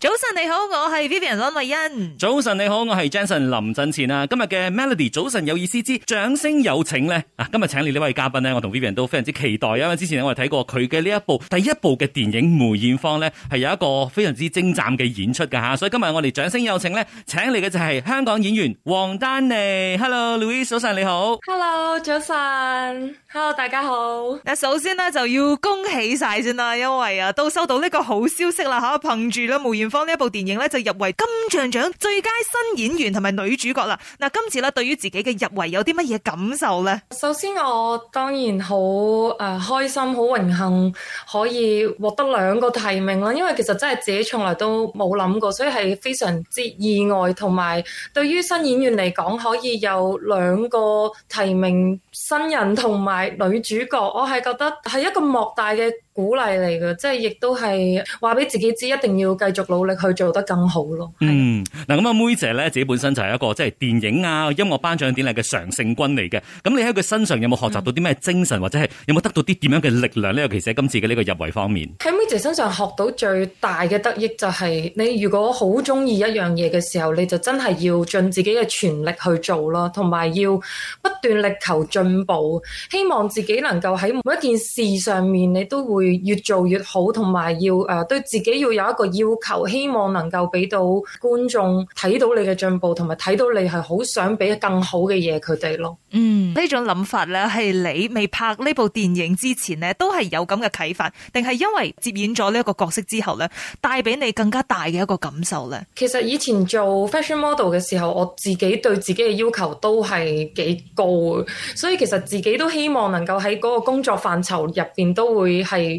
早晨你好，我係 Vivian 盧麗欣。早晨你好，我係 Jensen 林振前啊。今日嘅 Melody 早晨有意思之掌聲有請咧啊，今日請嚟呢位嘉賓咧，我同 Vivian 都非常之期待，因為之前我哋睇過佢嘅呢一部第一部嘅電影《梅艷芳》咧，係有一個非常之精湛嘅演出噶吓，所以今日我哋掌聲有請咧，請嚟嘅就係香港演員王丹妮。Hello Louis，早晨你好。Hello 早晨。Hello 大家好。嗱首先呢，就要恭喜晒先啦，因為啊都收到呢個好消息啦吓，憑住啦梅艷。方呢一部電影咧就入圍金像獎最佳新演員同埋女主角啦。嗱，今次咧，對於自己嘅入圍有啲乜嘢感受呢？首先，我當然好誒開心，好榮幸可以獲得兩個提名啦。因為其實真係自己從來都冇諗過，所以係非常之意外，同埋對於新演員嚟講，可以有兩個提名新人同埋女主角，我係覺得係一個莫大嘅。鼓勵嚟嘅，即係亦都係話俾自己知，一定要繼續努力去做得更好咯。嗯，嗱咁阿妹姐咧，自己本身就係一個即係電影啊、音樂頒獎典禮嘅常勝軍嚟嘅。咁你喺佢身上有冇學習到啲咩精神、嗯、或者係有冇得到啲點樣嘅力量呢？尤其是喺今次嘅呢個入圍方面，喺妹姐身上學到最大嘅得益就係、是、你如果好中意一樣嘢嘅時候，你就真係要盡自己嘅全力去做咯，同埋要不斷力求進步，希望自己能夠喺每一件事上面你都會。越做越好，同埋要誒，對自己要有一個要求，希望能夠俾到觀眾睇到你嘅進步，同埋睇到你係好想俾更好嘅嘢佢哋咯。嗯，呢種諗法咧，係你未拍呢部電影之前咧，都係有咁嘅啟發，定係因為接演咗呢一個角色之後咧，帶俾你更加大嘅一個感受咧？其實以前做 fashion model 嘅時候，我自己對自己嘅要求都係幾高嘅，所以其實自己都希望能夠喺嗰個工作範疇入邊都會係。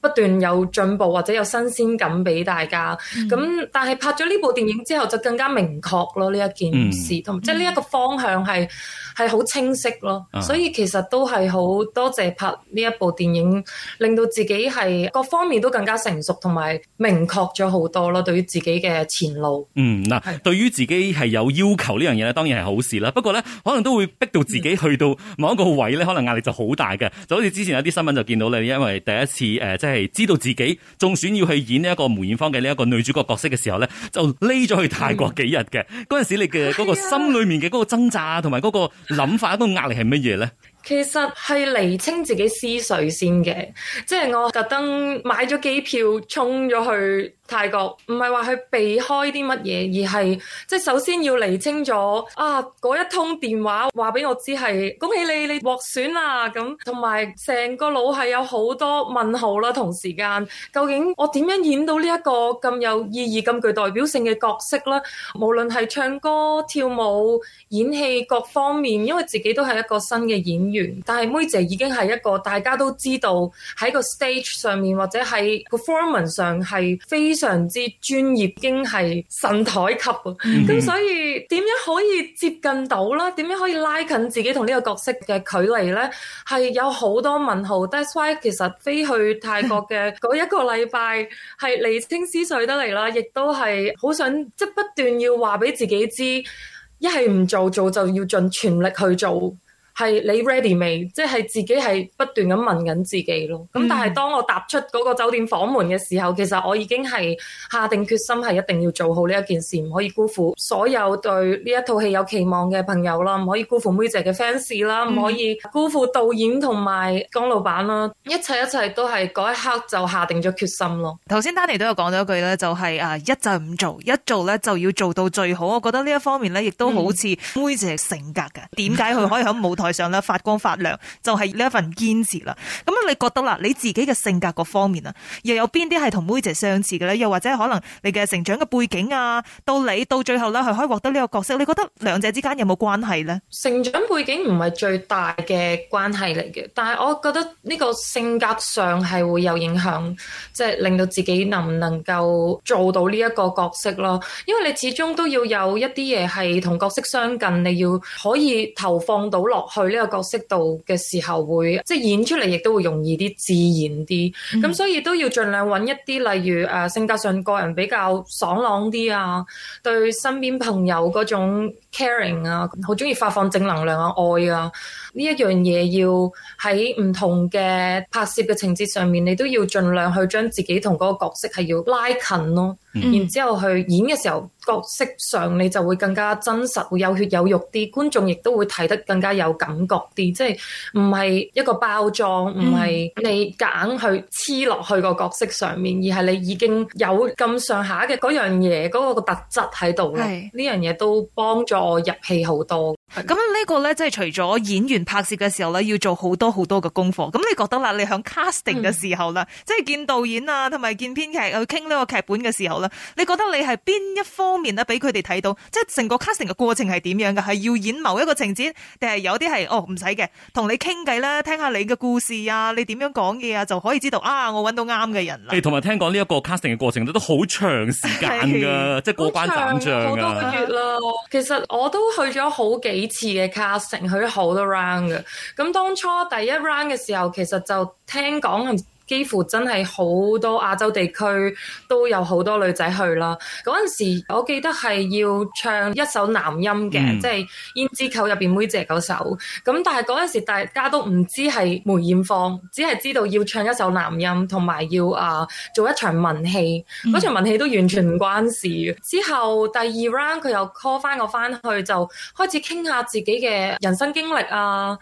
不斷有進步或者有新鮮感俾大家，咁、嗯、但係拍咗呢部電影之後就更加明確咯呢一件事，同、嗯、即係呢一個方向係係好清晰咯，所以其實都係好多謝拍呢一部電影，令到自己係各方面都更加成熟同埋明確咗好多咯，對於自己嘅前路。嗯，嗱是、啊，對於自己係有要求呢樣嘢咧，當然係好事啦。不過咧，可能都會逼到自己去到某一個位咧，可能壓力就好大嘅，就好似之前有啲新聞就見到你，因為第一次。似誒，即係知道自己中選要去演呢一個梅艷芳嘅呢一個女主角角色嘅時候咧，就匿咗去泰國幾日嘅。嗰陣時，你嘅嗰個心裏面嘅嗰個掙扎同埋嗰個諗法，嗰個壓力係乜嘢咧？其實係釐清自己思緒先嘅，即係我特登買咗機票，衝咗去。泰國唔係話佢避開啲乜嘢，而係即係首先要釐清咗啊嗰一通電話話俾我知、就、係、是、恭喜你你獲選啦咁，同埋成個腦係有好多問號啦。同時間究竟我點樣演到呢一個咁有意義、咁具代表性嘅角色呢？無論係唱歌、跳舞、演戲各方面，因為自己都係一個新嘅演員，但係妹姐已經係一個大家都知道喺個 stage 上面或者係 performance 上係非常。非常之專業，已經係神台級啊！咁、mm hmm. 所以點樣可以接近到咧？點樣可以拉近自己同呢個角色嘅距離呢？係有好多問號。 That's why 其實飛去泰國嘅嗰一個禮拜係釐清思緒得嚟啦，亦都係好想即、就是、不斷要話俾自己知，一係唔做，做就要盡全力去做。係你 ready 未？即係自己係不斷咁問緊自己咯。咁但係當我踏出嗰個酒店房門嘅時候，嗯、其實我已經係下定決心係一定要做好呢一件事，唔可以辜負所有對呢一套戲有期望嘅朋友啦，唔可以辜負梅姐嘅 fans 啦，唔可以辜負導演同埋江老闆啦。一切一切都係嗰一刻就下定咗決心咯。頭先丹尼都有講咗一句咧、就係，就係啊一就唔做，一做咧就要做到最好。我覺得呢一方面咧，亦都好似梅姐嘅性格嘅。點解佢可以喺舞台 上啦，發光發亮就係呢一份堅持啦。咁啊，你覺得啦，你自己嘅性格各方面啊，又有邊啲係同妹姐相似嘅咧？又或者可能你嘅成長嘅背景啊，到你到最後咧，係可以獲得呢個角色？你覺得兩者之間有冇關係咧？成長背景唔係最大嘅關係嚟嘅，但係我覺得呢個性格上係會有影響，即係令到自己能唔能夠做到呢一個角色咯。因為你始終都要有一啲嘢係同角色相近，你要可以投放到落。佢呢個角色度嘅時候會，會即係演出嚟，亦都會容易啲、自然啲。咁所以都要盡量揾一啲，例如誒、呃、性格上個人比較爽朗啲啊，對身邊朋友嗰種 caring 啊，好中意發放正能量啊，愛啊，呢一樣嘢要喺唔同嘅拍攝嘅情節上面，你都要盡量去將自己同個角色係要拉近咯、啊。嗯、然之後去演嘅時候，角色上你就會更加真實，會有血有肉啲，觀眾亦都會睇得更加有感覺啲。即係唔係一個包裝，唔係、嗯、你夾硬去黐落去個角色上面，而係你已經有咁上下嘅樣嘢，嗰個特質喺度啦，呢是樣嘢都幫助。我、哦、入戲好多。咁、嗯、呢個咧，即係除咗演員拍攝嘅時候咧，要做好多好多嘅功課。咁你覺得啦，你響 casting 嘅時候啦，嗯、即係見導演啊，同埋見編劇去傾呢個劇本嘅時候咧，你覺得你係邊一方面咧，俾佢哋睇到？即係成個 casting 嘅過程係點樣嘅？係要演某一個情節，定係有啲係哦唔使嘅，同你傾偈咧，聽下你嘅故事啊，你點樣講嘢啊，就可以知道啊，我揾到啱嘅人啦。同埋、哎、聽講呢一個 casting 嘅過程都好長時間噶，的即係過關斬將好多個月啦。其實我都去咗好幾。幾次嘅 casting 佢好多 round 嘅。咁當初第一 round 嘅時候，其實就聽講係，幾乎真係好多亞洲地區都有好多女仔去啦。嗰陣時，我記得係要唱一首男音嘅，嗯、即係《胭脂扣》入邊梅姐嗰首。咁但係嗰陣時大家都唔知係梅艷芳，只係知道要唱一首男音，同埋要啊做一場文戲。嗰、嗯、場文戲都完全唔關事。之後第二 round 佢又 call 返我返去，就開始傾下自己嘅人生經歷啊、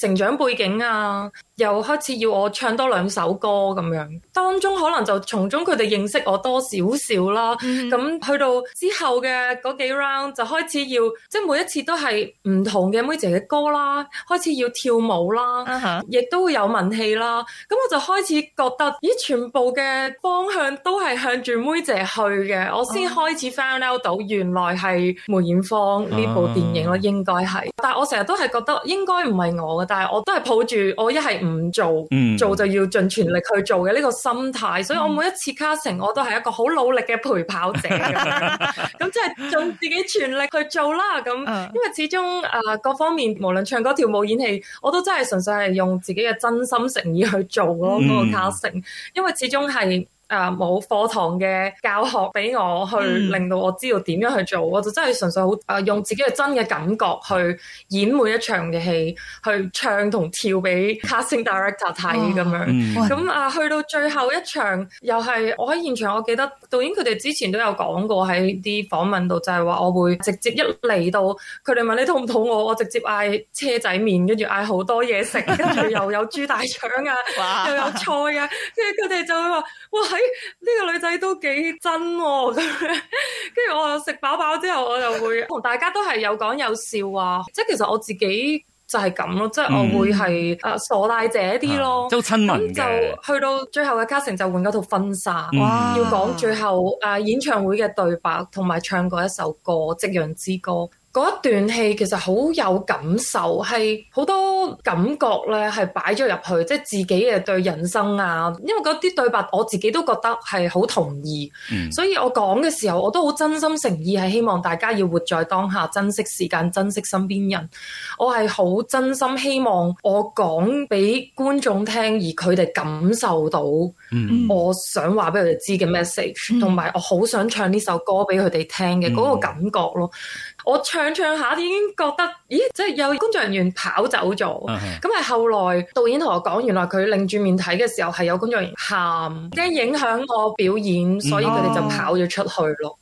成長背景啊。又開始要我唱多兩首歌咁樣，當中可能就從中佢哋認識我多少少啦。咁、mm hmm. 嗯、去到之後嘅嗰幾 round 就開始要，即係每一次都係唔同嘅妹姐嘅歌啦，開始要跳舞啦，亦、uh huh. 都會有文戲啦。咁、嗯、我就開始覺得，咦，全部嘅方向都係向住妹姐去嘅，我先開始 found out 到原來係梅艷芳呢部電影咯，uh huh. 應該係。但係我成日都係覺得應該唔係我嘅，但係我都係抱住我一係唔。唔做，做就要盡全力去做嘅呢個心態，所以我每一次 casting 我都係一個好努力嘅陪跑者，咁即係盡自己全力去做啦。咁因為始終誒、呃、各方面，無論唱歌、跳舞、演戲，我都真係純粹係用自己嘅真心誠意去做咯。嗰個 casting，因為始終係。誒，冇課堂嘅教學俾我去，令到我知道點樣去做，嗯、我就真係純粹好誒、啊、用自己嘅真嘅感覺去演每一場嘅戲，去唱同跳俾 casting director 睇咁、哦嗯、樣。咁、嗯、啊，去到最後一場又係我喺現場，我記得導演佢哋之前都有講過，喺啲訪問度，就係、是、話我會直接一嚟到，佢哋問你肚唔肚餓，我直接嗌車仔麵，跟住嗌好多嘢食，跟住又有豬大腸啊， 哇 又有菜啊，跟住佢哋就會話：「哇！係。呢個女仔都幾真喎、哦，跟 住我食飽飽之後，我就會同大家都係有講有笑啊， 即係其實我自己就係咁、嗯呃、咯，即係我會係啊傻大姐啲咯，即係好親民嘅。咁、嗯、就去到最後嘅嘉誠就換嗰套婚紗，哇！要講最後誒、呃、演唱會嘅對白，同埋唱過一首歌《夕陽之歌》。嗰一段戲其實好有感受，係好多感覺咧，係擺咗入去，即係自己嘅對人生啊。因為嗰啲對白我自己都覺得係好同意，嗯、所以我講嘅時候我都好真心誠意，係希望大家要活在當下，珍惜時間，珍惜身邊人。我係好真心希望我講俾觀眾聽，而佢哋感受到，我想話俾佢哋知嘅 message，同埋我好想唱呢首歌俾佢哋聽嘅嗰、嗯、個感覺咯。我唱唱下已經覺得，咦！即係有工作人員跑走咗，咁係、啊、後來導演同我講，原來佢擰住面睇嘅時候係有工作人員喊，驚影響我表演，所以佢哋就跑咗出去咯。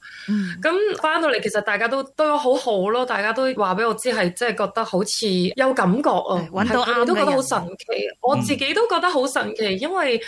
咁翻、哦、到嚟，其實大家都都好好咯，大家都話俾我知係即係覺得好似有感覺啊，到我都覺得好神奇。嗯、我自己都覺得好神奇，因為。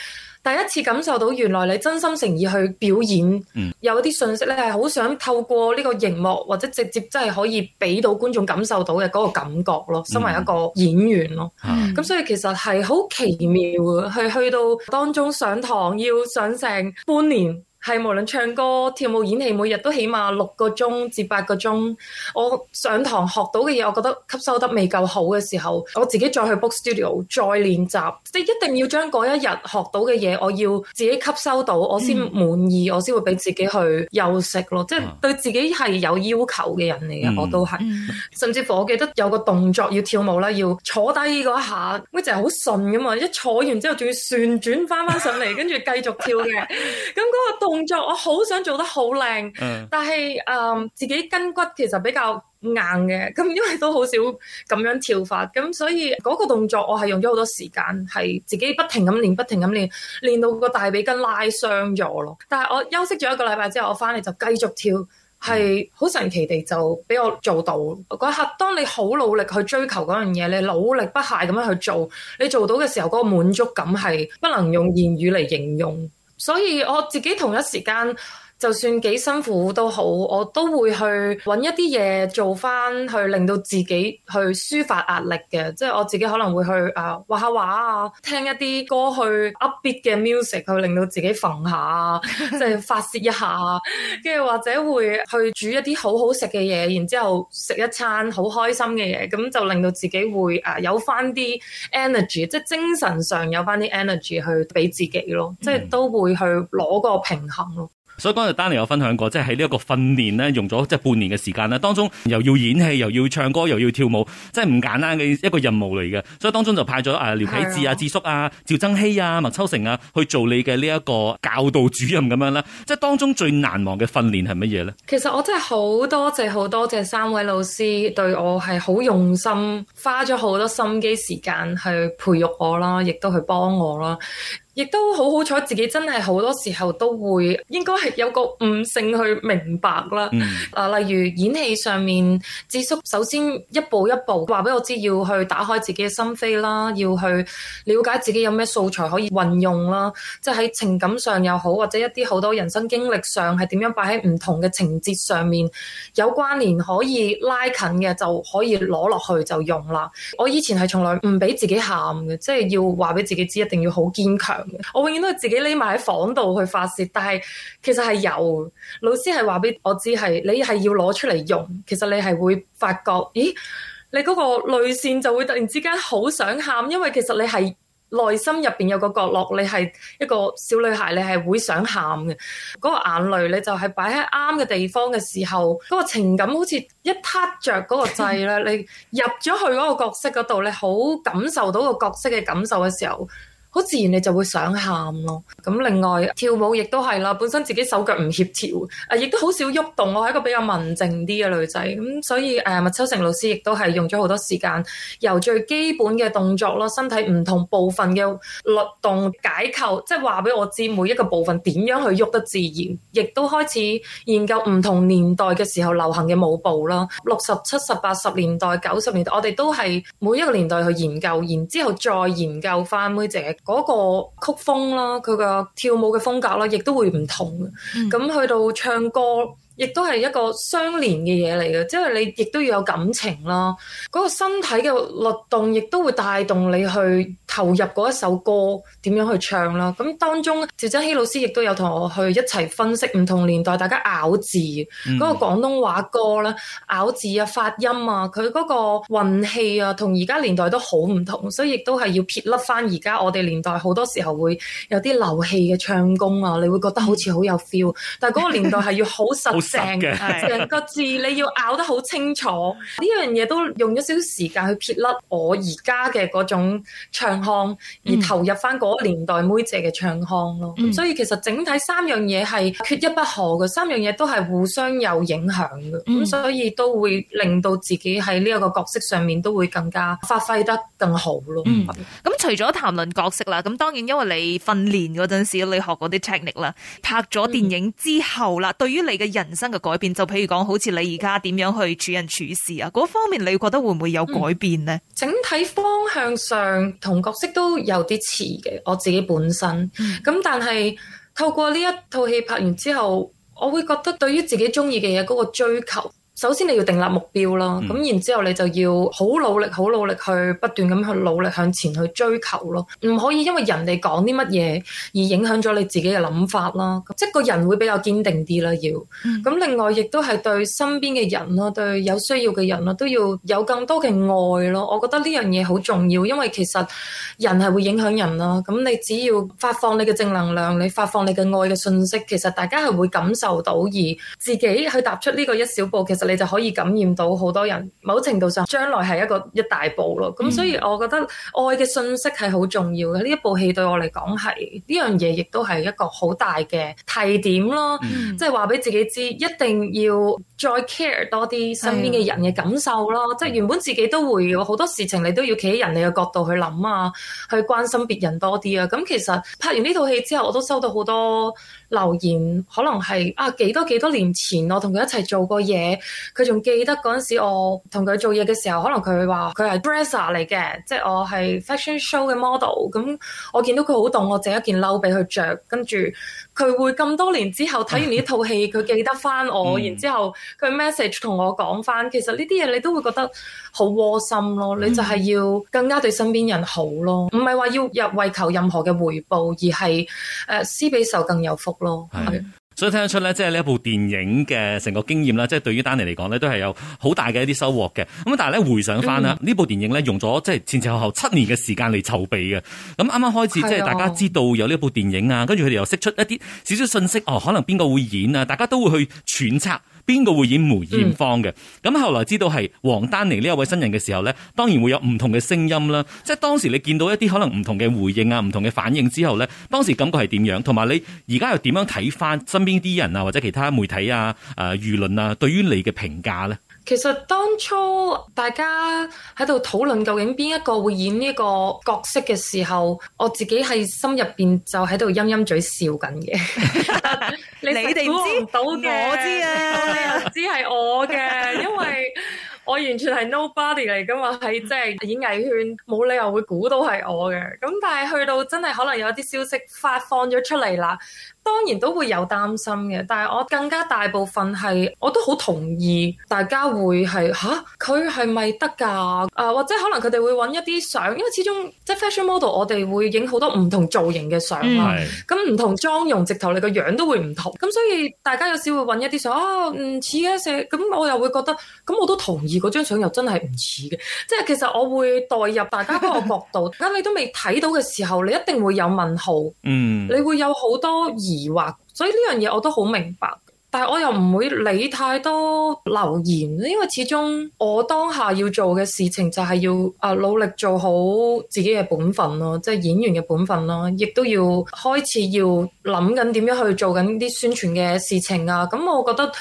第一次感受到原來你真心誠意去表演，嗯、有啲信息咧係好想透過呢個熒幕或者直接真係可以俾到觀眾感受到嘅嗰個感覺咯，身為一個演員咯。咁、嗯、所以其實係好奇妙嘅，去去到當中上堂要上成半年。係無論唱歌、跳舞、演戲，每日都起碼六個鐘至八個鐘。我上堂學到嘅嘢，我覺得吸收得未夠好嘅時候，我自己再去 book studio 再練習，即係一定要將嗰一日學到嘅嘢，我要自己吸收到，我先滿意，嗯、我先會俾自己去休息咯。即係、嗯、對自己係有要求嘅人嚟嘅，嗯、我都係。甚至乎我記得有個動作要跳舞啦，要坐低嗰下，咪就係好順嘅嘛，一坐完之後仲要旋轉翻翻上嚟，跟住繼續跳嘅。咁嗰個動動作我好想做得好靚，嗯、但係誒、um, 自己筋骨其實比較硬嘅，咁因為都好少咁樣跳法，咁所以嗰個動作我係用咗好多時間，係自己不停咁練，不停咁練，練到個大髀筋拉傷咗咯。但係我休息咗一個禮拜之後，我翻嚟就繼續跳，係好神奇地就俾我做到。嗰、嗯、刻當你好努力去追求嗰樣嘢，你努力不懈咁樣去做，你做到嘅時候，嗰、嗰個滿足感係不能用言語嚟形容。所以我自己同一時間，就算幾辛苦都好，我都會去揾一啲嘢做翻，去令到自己去抒發壓力嘅。即係我自己可能會去誒、呃、畫下畫啊，聽一啲歌去 upbeat 嘅 music 去令到自己瞓下，即、就、係、是、發泄一下。跟住 或者會去煮一啲好好食嘅嘢，然之後食一餐好開心嘅嘢，咁就令到自己會誒、呃、有翻啲 energy，即係精神上有翻啲 energy 去俾自己咯。即係都會去攞個平衡咯。Mm hmm. 所以嗰日丹尼有分享過，即係喺呢一個訓練咧，用咗即係半年嘅時間咧，當中又要演戲，又要唱歌，又要跳舞，即係唔簡單嘅一個任務嚟嘅。所以當中就派咗啊廖啟智啊、智叔啊、趙增熹啊、麥秋成啊去做你嘅呢一個教導主任咁樣啦。即係當中最難忘嘅訓練係乜嘢咧？其實我真係好多謝好多謝三位老師對我係好用心，花咗好多心機時間去培育我啦，亦都去幫我啦。亦都好好彩，自己真係好多時候都會應該係有個悟性去明白啦。嗱、嗯啊，例如演戲上面，智叔首先一步一步話俾我知，要去打開自己嘅心扉啦，要去了解自己有咩素材可以運用啦。即係喺情感上又好，或者一啲好多人生經歷上係點樣擺喺唔同嘅情節上面有關聯可以拉近嘅，就可以攞落去就用啦。我以前係從來唔俾自己喊嘅，即係要話俾自己知，一定要好堅強。我永遠都係自己匿埋喺房度去發泄，但係其實係有老師係話俾我知，係你係要攞出嚟用。其實你係會發覺，咦，你嗰個淚腺就會突然之間好想喊，因為其實你係內心入邊有個角落，你係一個小女孩，你係會想喊嘅。嗰個眼淚，你就係擺喺啱嘅地方嘅時候，嗰個情感好似一撻着嗰個掣咧， 你入咗去嗰個角色嗰度你好感受到個角色嘅感受嘅時候。好自然你就會想喊咯，咁另外跳舞亦都係啦，本身自己手腳唔協調啊亦都好少喐動。我係一個比較文靜啲嘅女仔，咁，嗯，所以誒麥秋成老師亦都係用咗好多時間由最基本嘅動作咯，身體唔同部分嘅律動解構，即係話俾我知每一個部分點樣去喐得自然，亦都開始研究唔同年代嘅時候流行嘅舞步啦，六十、七十、八十年代、九十年代，我哋都係每一個年代去研究，然之後再研究翻妹仔。嗰個曲風啦，佢嘅跳舞嘅風格啦，亦都會唔同。咁、嗯、去到唱歌。亦都係一個相連嘅嘢嚟嘅，即係你亦都要有感情啦。嗰、那個身體嘅律動，亦都會帶動你去投入嗰一首歌點樣去唱啦。咁當中趙增熹老師亦都有同我去一齊分析唔同年代大家咬字嗰、嗯、個廣東話歌啦，咬字啊發音啊，佢嗰個運氣啊，同而家年代都好唔同，所以亦都係要撇甩翻而家我哋年代好多時候會有啲流氣嘅唱功啊，你會覺得好似好有 feel，但係嗰個年代係要好實。 正嘅，成整 個字你要咬得好清楚，呢樣嘢都用咗少少時間去撇甩我而家嘅嗰種唱腔，而投入翻個年代妹姐嘅唱腔咯。咁、嗯、所以其實整體三樣嘢係缺一不可嘅，三樣嘢都係互相有影響嘅，咁、嗯、所以都會令到自己喺呢一個角色上面都會更加發揮得更好咯。咁、嗯嗯、除咗談論角色啦，咁當然因為你訓練嗰陣時，你學嗰啲 technic 啦，拍咗電影之後啦，嗯、對於你嘅人人生嘅改變，就譬如講，好似你而家點樣去處人處事啊？嗰方面，你覺得會唔會有改變呢？嗯、整體方向上同角色都有啲似嘅，我自己本身咁，嗯、但係透過呢一套戲拍完之後，我會覺得對於自己中意嘅嘢嗰個追求。首先你要定立目標咯，咁、嗯、然之後你就要好努力、好努力去不斷咁去努力向前去追求咯，唔可以因為人哋講啲乜嘢而影響咗你自己嘅諗法啦。即係個人會比較堅定啲啦，要咁，另外亦都係對身邊嘅人咯，對有需要嘅人咯，都要有更多嘅愛咯。我覺得呢樣嘢好重要，因為其實人係會影響人啦。咁你只要發放你嘅正能量，你發放你嘅愛嘅信息，其實大家係會感受到而自己去踏出呢個一小步嘅。其實你就可以感染到好多人，某程度上將來係一個一大步咯。咁所以我覺得愛嘅信息係好重要嘅。呢一、嗯、部戲對我嚟講係呢樣嘢，亦都係一個好大嘅提點咯。嗯、即係話俾自己知，一定要再 care 多啲身邊嘅人嘅感受咯。的即係原本自己都會有好多事情，你都要企喺人哋嘅角度去諗啊，去關心別人多啲啊。咁其實拍完呢套戲之後，我都收到好多留言，可能係啊幾多幾多年前我同佢一齊做過嘢。佢仲記得嗰陣時，我同佢做嘢嘅時候，可能佢話佢係 dresser 嚟嘅，即係我係 fashion show 嘅 model。咁我見到佢好凍，我整一件褸俾佢着。跟住佢會咁多年之後睇完呢套戲，佢 記得返我。然之後佢 message 同我講返，嗯、其實呢啲嘢你都會覺得好窩心咯。嗯、你就係要更加對身邊人好咯，唔係話要入為求任何嘅回報，而係誒施比受更有福咯。係的。嗯所以聽得出咧，即係呢一部電影嘅成個經驗啦，即係對於丹妮嚟講呢，都係有好大嘅一啲收穫嘅。咁但係咧，回想翻啦，呢、嗯、部電影咧用咗即係前前後後七年嘅時間嚟籌備嘅。咁啱啱開始，啊、即係大家知道有呢一部電影啊，跟住佢哋又釋出一啲少少信息，哦，可能邊個會演啊，大家都會去揣測。邊個會演梅艷芳嘅？咁後來知道係王丹妮呢一位新人嘅時候呢，當然會有唔同嘅聲音啦。即係當時你見到一啲可能唔同嘅回應啊、唔同嘅反應之後呢，當時感覺係點樣？同埋你而家又點樣睇翻身邊啲人啊，或者其他媒體啊、誒輿論啊，對於你嘅評價呢？其實當初大家喺度討論究竟邊一個會演呢個角色嘅時候，我自己係心入邊就喺度陰陰嘴笑緊嘅。 你哋估唔到嘅，我知啊，知係我嘅， 因為我完全係 nobody 嚟噶嘛，喺即係演藝圈冇理由會估到係我嘅。咁但係去到真係可能有啲消息發放咗出嚟啦。當然都會有擔心嘅，但係我更加大部分係我都好同意大家會係吓，佢係咪得㗎啊？或者可能佢哋會揾一啲相，因為始終即係 fashion model，我哋會影好多唔同造型嘅相嘛。嗯，咁唔同妝容，直頭你個樣都會唔同。咁所以大家有時會揾一啲相啊，唔似嘅咁，我又會覺得咁我都同意嗰張相又真係唔似嘅。即係其實我會代入大家嗰個角度，咁 你都未睇到嘅時候，你一定會有問號。嗯，你會有好多疑。疑惑，所以呢樣嘢我都好明白，但係我又唔會理太多留言，因為始終我當下要做嘅事情就係要啊努力做好自己嘅本分咯，即係演員嘅本分咯，亦都要開始要諗緊點樣去做緊啲宣傳嘅事情啊，咁我覺得。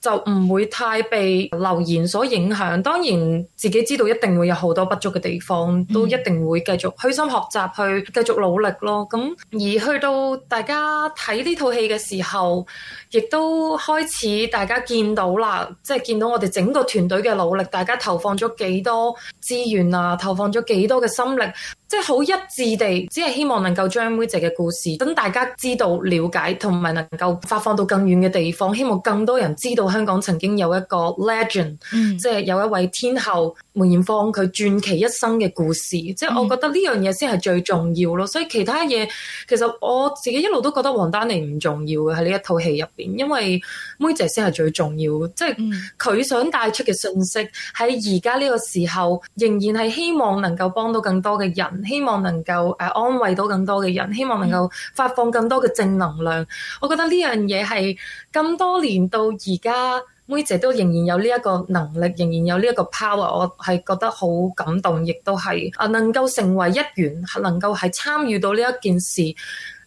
就唔會太被流言所影響。當然自己知道一定會有好多不足嘅地方，都一定會繼續虛心學習，去繼續努力咯。咁而去到大家睇呢套戲嘅時候，亦都開始大家見到啦，即係見到我哋整個團隊嘅努力，大家投放咗幾多資源啊，投放咗幾多嘅心力，即係好一致地，只係希望能夠將梅姐嘅故事等大家知道、了解，同埋能夠發放到更遠嘅地方，希望更多人知道。香港曾經有一個 legend，、嗯、即係有一位天后梅艷芳，佢傳奇一生嘅故事。嗯、即係我覺得呢樣嘢先係最重要咯。嗯、所以其他嘢其實我自己一路都覺得王丹妮唔重要嘅喺呢一套戲入邊，因為梅姐先係最重要。即係佢想帶出嘅信息喺而家呢個時候，仍然係希望能夠幫到更多嘅人，希望能夠誒安慰到更多嘅人，希望能夠發放更多嘅正能量。嗯、我覺得呢樣嘢係咁多年到而家。啊，妹姐都仍然有呢一個能力，仍然有呢一個 power，我係覺得好感動，亦都係啊，能夠成為一員，能夠係參與到呢一件事。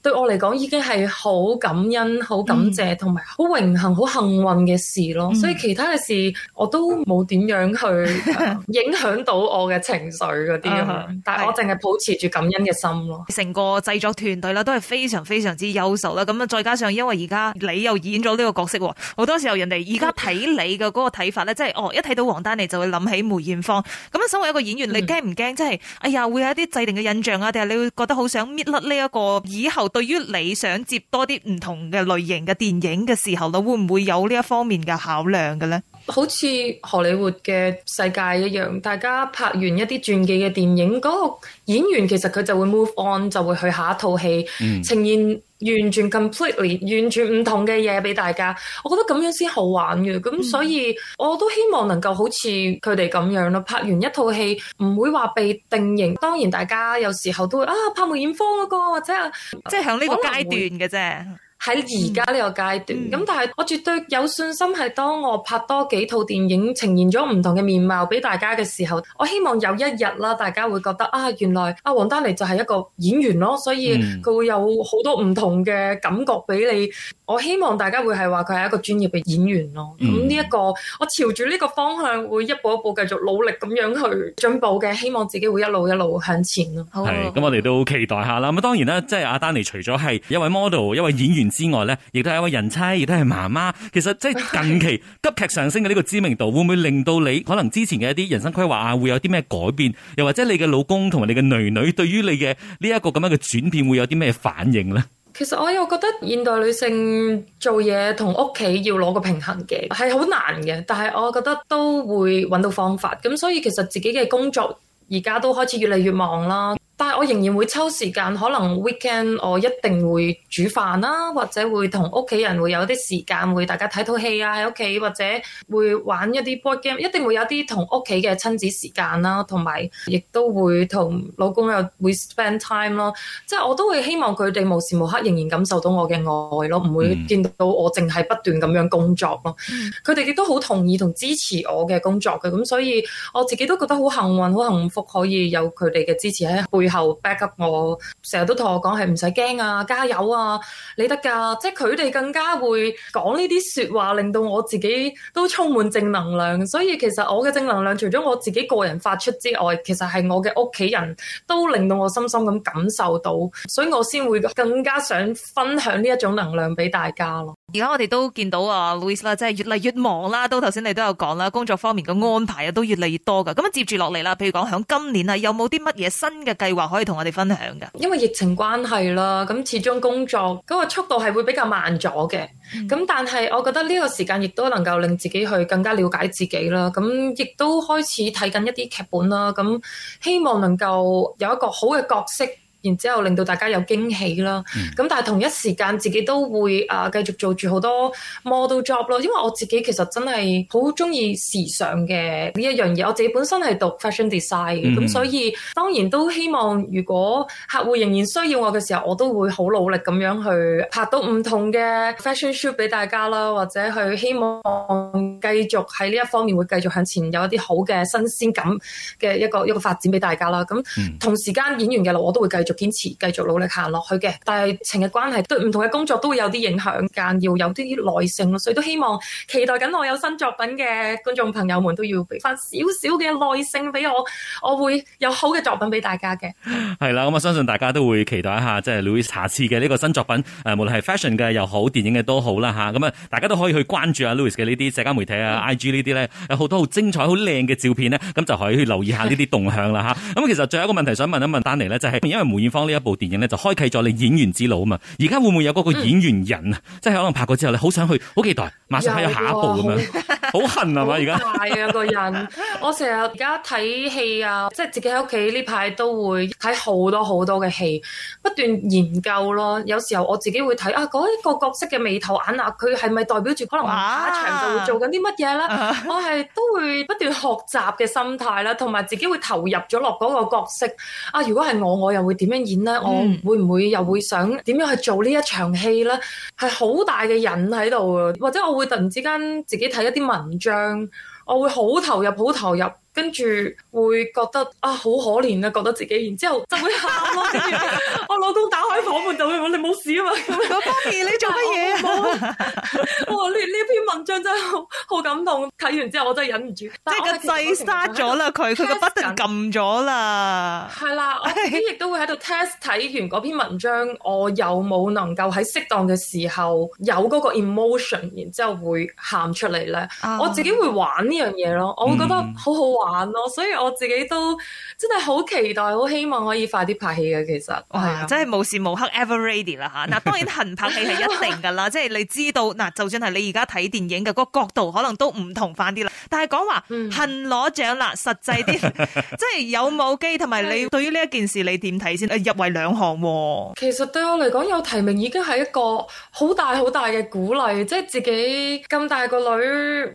對我嚟講已經係好感恩、好感謝同埋好榮幸、好幸運嘅事咯，嗯、所以其他嘅事我都冇點樣去 影響到我嘅情緒嗰啲、uh huh，但係我淨係保持住感恩嘅心咯。成、嗯、個製作團隊啦，都係非常非常之優秀啦。咁啊，再加上因為而家你又演咗呢個角色喎，好多時候人哋而家睇你嘅嗰個睇法咧，即係、 就是、哦，一睇到王丹妮就會諗起梅艷芳。咁啊，身為一個演員，嗯、你驚唔驚？即、就、係、是、哎呀，會有一啲制定嘅印象啊，定係你會覺得好想搣甩呢一個以後？對於你想接多啲唔同嘅類型嘅電影嘅時候，你會唔會有呢一方面嘅考量嘅咧？好似荷里活嘅世界一樣，大家拍完一啲傳記嘅電影，嗰、那個演員其實佢就會 move on，就會去下一套戲，嗯、呈現完全 completely 完全唔同嘅嘢俾大家。我覺得咁樣先好玩嘅，咁所以我都希望能夠好似佢哋咁樣咯，拍完一套戲唔會話被定型。當然，大家有時候都會啊，拍梅艷芳嗰個或者啊，即係響呢個階段嘅啫。喺而家呢個階段咁，嗯、但係我絕對有信心係，當我拍多幾套電影呈現咗唔同嘅面貌俾大家嘅時候，我希望有一日啦，大家會覺得啊，原來阿王丹妮就係一個演員咯，所以佢會有好多唔同嘅感覺俾你。嗯、我希望大家會係話佢係一個專業嘅演員咯。咁呢一個，我朝住呢個方向會一步一步繼續努力咁樣去進步嘅，希望自己會一路一路向前咯。係咁，我哋都期待下啦。咁當然啦，即係阿丹妮除咗係一位 model，一位演員。之外呢，亦都係一位人妻，亦都係媽媽。其實即係近期急劇上升嘅呢個知名度，會唔會令到你可能之前嘅一啲人生規劃啊，會有啲咩改變？又或者你嘅老公同埋你嘅囡囡對於你嘅呢一個咁樣嘅轉變，會有啲咩反應呢？其實我又覺得現代女性做嘢同屋企要攞個平衡嘅係好難嘅，但係我覺得都會揾到方法。咁所以其實自己嘅工作而家都開始越嚟越忙啦。但係我仍然會抽時間，可能 weekend 我一定會煮飯啦，或者會同屋企人會有啲時間，會大家睇套戲啊，喺屋企或者會玩一啲 board game，一定會有啲同屋企嘅親子時間啦，同埋亦都會同老公又會 spend time 咯，即係我都會希望佢哋無時無刻仍然感受到我嘅愛咯，唔會見到我淨係不斷咁樣工作咯。佢哋亦都好同意同支持我嘅工作嘅，咁所以我自己都覺得好幸運、好幸福，可以有佢哋嘅支持喺背最後 back up 我，成日都同我講係唔使驚啊，加油啊，你得噶，即係佢哋更加會講呢啲說話，令到我自己都充滿正能量。所以其實我嘅正能量，除咗我自己個人發出之外，其實係我嘅屋企人都令到我深深咁感受到，所以我先會更加想分享呢一種能量俾大家咯。而家我哋都見到啊，Louis 啦，即係越嚟越忙啦，都頭先你都有講啦，工作方面嘅安排啊，都越嚟越多噶。咁啊接住落嚟啦，譬如講響今年啊，有冇啲乜嘢新嘅計？話可以同我哋分享㗎。因為疫情關係啦，咁始終工作嗰個速度係會比較慢咗嘅。咁但係我覺得呢個時間亦都能夠令自己去更加了解自己啦。咁亦都開始睇緊一啲劇本啦。咁希望能夠有一個好嘅角色。然之後令到大家有驚喜啦，咁、嗯、但係同一時間自己都會啊繼續做住好多 model job 咯，因為我自己其實真係好中意時尚嘅呢一樣嘢。我自己本身係讀 fashion design，咁、嗯、所以當然都希望如果客戶仍然需要我嘅時候，我都會好努力咁樣去拍到唔同嘅 fashion shoot 俾大家啦，或者去希望繼續喺呢一方面會繼續向前有一啲好嘅新鮮感嘅一個一個發展俾大家啦，咁、嗯嗯、同時間演員嘅路我都會繼續。堅持繼續努力行落去嘅，但係情嘅關係對唔同嘅工作都會有啲影響，間要有啲耐性。所以都希望期待緊我有新作品嘅觀眾朋友們都要俾翻少少嘅耐性俾我，我會有好嘅作品俾大家嘅。係啦，咁我相信大家都會期待一下，即係 Louis 下次嘅呢個新作品。誒，無論係 fashion 嘅又好，電影嘅都好啦吓。咁啊，amt, 大家都可以去關注下 Louis 嘅呢啲社交媒體的啊，IG 呢啲咧，有好多好精彩、好靚嘅照片咧，咁就可以去留意下呢啲動向啦吓。咁啊，其實最後一個問題想問一問丹妮咧，就係因為每遠方呢一部電影咧，就開啟咗你演員之路啊嘛！而家會唔會有嗰個演員人啊？嗯、即係可能拍過之後咧，你好想去，好期待，馬上開下一部咁樣，好恨啊嘛！而家大啊個人， 我成日而家睇戲啊，即係自己喺屋企呢排都會睇好多好多嘅戲，不斷研究咯。有時候我自己會睇啊，嗰、那、一個角色嘅眉頭眼額，佢係咪代表住可能下一場就會做緊啲乜嘢咧？啊、我係都。會不斷學習嘅心態啦，同埋自己會投入咗落嗰個角色啊！如果係我，我又會點樣演呢？嗯、我會唔會又會想點樣去做呢一場戲呢？係好大嘅癮喺度啊！或者我會突然之間自己睇一啲文章，我會好投,投入，好投入。跟住會覺得啊好可憐啊，覺得自己，然之後就會喊咯、啊。 我老公打開房門就會話： 你冇事啊嘛。媽咪，你做乜嘢啊？哇！呢呢篇文章真係好感動，睇完之後我都係忍唔住。即係個掣殺咗啦，佢佢個 button 撳咗啦。係啦，我亦都會喺度 test 睇完嗰篇文章，我有冇能夠喺適當嘅時候有嗰個 emotion，然之後會喊出嚟咧。啊、我自己會玩呢樣嘢咯，我會覺得好好玩。玩咯，所以我自己都真係好期待，好希望可以快啲拍戲嘅。其實係哇哇真係無時無刻 ever ready 啦吓。嗱，當然恨拍戲係一定噶啦， 即係你知道嗱，就算係你而家睇電影嘅嗰個角度，可能都唔同翻啲啦。但係講話恨攞獎啦，實際啲 即係有冇機，同埋你對於呢一件事你點睇先？ 入圍兩項、啊，其實對我嚟講有提名已經係一個好大好大嘅鼓勵，即、就、係、是、自己咁大個女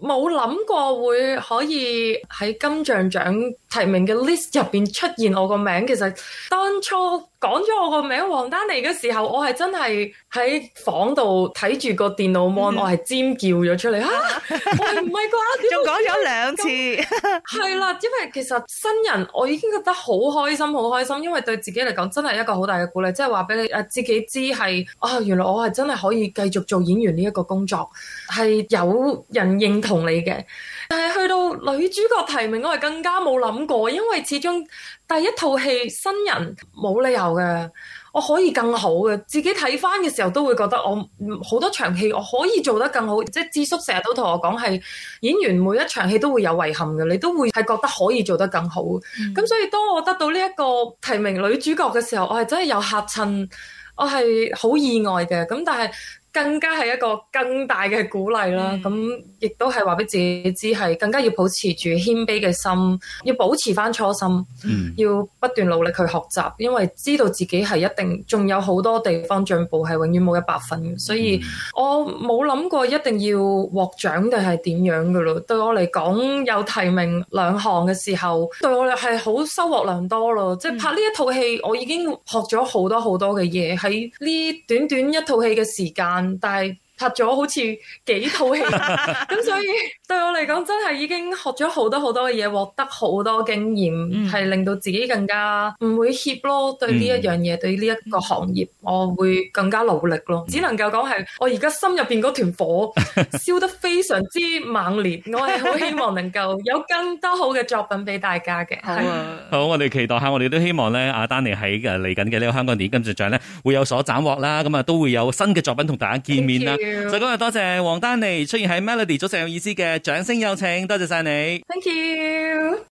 冇諗過會可以喺今。金像獎提名嘅 list 入邊出現我個名，其實當初。講咗我個名王丹妮嘅時候，我係真係喺房度睇住個電腦 mon、嗯、我係尖叫咗出嚟，啊、 我唔係啩？仲講咗兩次，係 啦， 因為其實新人我已經覺得好開心，好開心，因為對自己嚟講真係一個好大嘅鼓勵，即係話俾你誒自己知係啊，原來我係真係可以繼續做演員呢一個工作，係有人認同你嘅。但係去到女主角提名，我係更加冇諗過，因為始終。但一套戲新人冇理由嘅，我可以更好嘅。自己睇翻嘅時候都會覺得我好多場戲我可以做得更好。即係智叔成日都同我講，係演員每一場戲都會有遺憾嘅，你都會係覺得可以做得更好。咁、嗯、所以當我得到呢一個提名女主角嘅時候，我係真係有嚇親，我係好意外嘅。咁但係。更加係一個更大嘅鼓勵啦，咁亦、嗯、都係話俾自己知，係更加要保持住謙卑嘅心，要保持翻初心，嗯、要不斷努力去學習，因為知道自己係一定仲有好多地方進步，係永遠冇一百分嘅。所以我冇諗過一定要獲獎定係點樣嘅咯。對我嚟講，有提名兩項嘅時候，對我哋係好收穫良多咯。即係拍呢一套戲我已經學咗好多好多嘅嘢喺呢短短一套戲嘅時間。但係，Um，拍咗好似幾套戲，咁 所以對我嚟講真係已經學咗好多好多嘅嘢，獲得好多經驗，係、嗯、令到自己更加唔會怯咯、嗯。對呢一樣嘢，對呢一個行業，嗯、我會更加努力咯。只能夠講係我而家心入邊嗰團火燒得非常之猛烈， 我係好希望能夠有更多好嘅作品俾大家嘅。 是好啊，好，我哋期待下，我哋都希望咧，阿丹妮喺誒嚟緊嘅呢個香港電影金像獎咧會有所斬獲啦，咁啊都會有新嘅作品同大家見面啦。 就今日多謝王丹妮出現喺 Melody，最最有意思嘅掌聲有請，多謝晒你。Thank you。